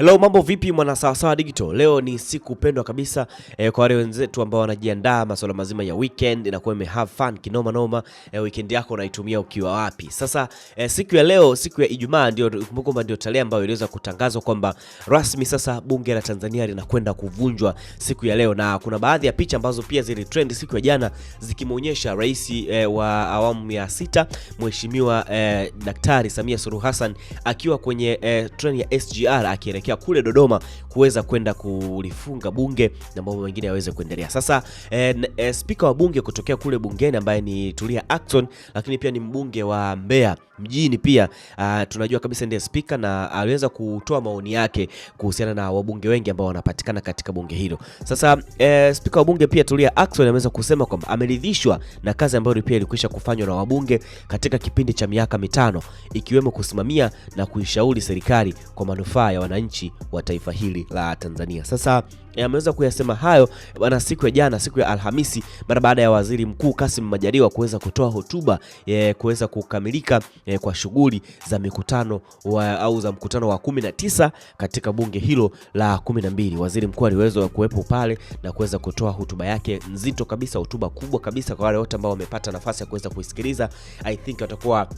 Hello, mambo vipi mwana sawa sawa digital? Leo ni siku pendwa kabisa eh, kwa wale wenzetu ambao wanajiandaa masuala mazima ya weekend, na ime have fun kinoma noma. Eh, weekend yako unaitumia ukiwa wapi? Sasa eh, siku ya leo, siku ya Ijumaa, ndio kumbuka kwamba ndio tarehe ambayo iliweza kutangazwa kwamba rasmi sasa bunge la Tanzania linakwenda kuvunjwa siku ya leo, na kuna baadhi ya picha ambazo pia zilitrend siku ya jana zikimuonyesha rais eh, wa awamu ya sita mheshimiwa eh, Daktari Samia Suluhu Hassan akiwa kwenye eh, train ya SGR akielekea kuelekea kule Dodoma kuweza kwenda kulifunga bunge na mambo mengine yaweze kuendelea. Sasa e, e, spika wa bunge kutokea kule bungeni ambaye ni Tulia Ackson, lakini pia ni mbunge wa Mbeya mjini pia a, ah, tunajua kabisa ndiye spika na aliweza kutoa maoni yake kuhusiana na wabunge wengi ambao wanapatikana katika bunge hilo. Sasa e, spika wa bunge pia Tulia Ackson ameweza kusema kwamba ameridhishwa na kazi ambayo pia ilikwisha kufanywa na wabunge katika kipindi cha miaka mitano ikiwemo kusimamia na kuishauri serikali kwa manufaa ya wananchi wananchi wa taifa hili la Tanzania. Sasa eh, ameweza kuyasema hayo bwana siku ya jana, siku ya Alhamisi, mara baada ya waziri mkuu Kassim Majaliwa kuweza kutoa hotuba e, kuweza kukamilika e, kwa shughuli za mikutano wa, au za mkutano wa kumi na tisa katika bunge hilo la kumi na mbili. Waziri mkuu aliweza kuwepo pale na kuweza kutoa hotuba yake nzito kabisa, hotuba kubwa kabisa. Kwa wale wote ambao wamepata nafasi ya kuweza kuisikiliza, I think watakuwa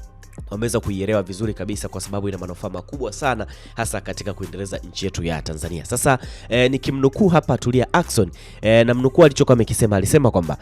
wameweza kuielewa vizuri kabisa kwa sababu ina manufaa makubwa sana hasa katika kuendeleza nchi yetu ya Tanzania. Sasa e, nikimnukuu hapa Tulia Ackson e, eh, na mnukuu alichokuwa amekisema, alisema kwamba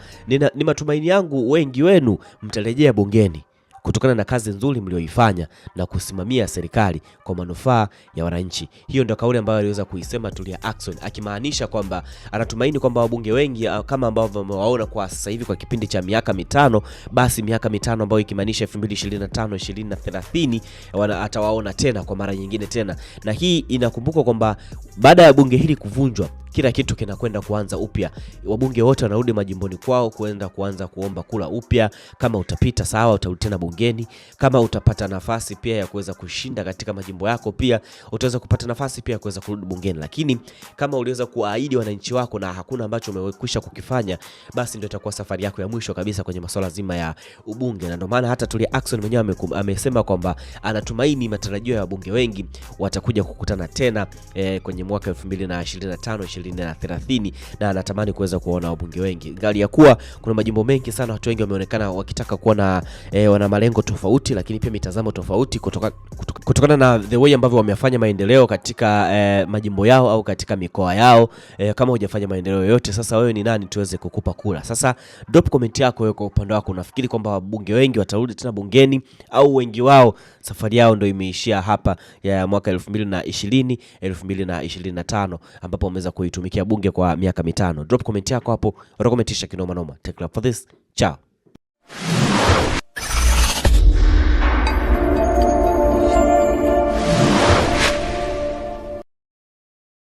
ni matumaini yangu wengi wenu mtarejea bungeni kutokana na kazi nzuri mlioifanya na kusimamia serikali kwa manufaa ya wananchi. Hiyo ndio kauli ambayo aliweza kuisema Tulia Ackson, akimaanisha kwamba anatumaini kwamba wabunge wengi uh, kama ambavyo wamewaona kwa sasa hivi kwa kipindi cha miaka mitano, basi miaka mitano ambayo ikimaanisha 2025 2030 wana atawaona tena kwa mara nyingine tena, na hii inakumbukwa kwamba baada ya bunge hili kuvunjwa kila kitu kinakwenda kuanza upya. Wabunge wote wanarudi majimboni kwao kuenda kuanza kuomba kula upya. Kama utapita sawa, utarudi tena bungeni. Kama utapata nafasi pia ya kuweza kushinda katika majimbo yako, pia utaweza kupata nafasi pia ya kuweza kurudi bungeni. Lakini kama uliweza kuahidi wananchi wako na hakuna ambacho umekwisha kukifanya, basi ndio itakuwa safari yako ya mwisho kabisa kwenye masuala zima ya ubunge, na ndio maana hata Tulia Ackson mwenyewe amesema kwamba anatumaini matarajio ya wabunge wengi watakuja kukutana tena eh, kwenye mwaka 2025 ishirini na anatamani kuweza kuona wabunge wengi, ngali ya kuwa kuna majimbo mengi sana watu wengi wameonekana wakitaka kuwa na e, wana malengo tofauti, lakini pia mitazamo tofauti kutoka, kutoka, kutokana na the way ambavyo wamefanya maendeleo katika e, majimbo yao au katika mikoa yao e, kama hujafanya maendeleo yote, sasa wewe ni nani tuweze kukupa kura? Sasa drop comment yako wewe, kwa upande wako unafikiri kwamba wabunge wengi watarudi tena bungeni au wengi wao safari yao ndio imeishia hapa ya mwaka 2020 2025 ambapo wameweza kui kulitumikia bunge kwa miaka mitano. Drop comment yako hapo, utakomentisha kinoma noma. Take care for this. Ciao.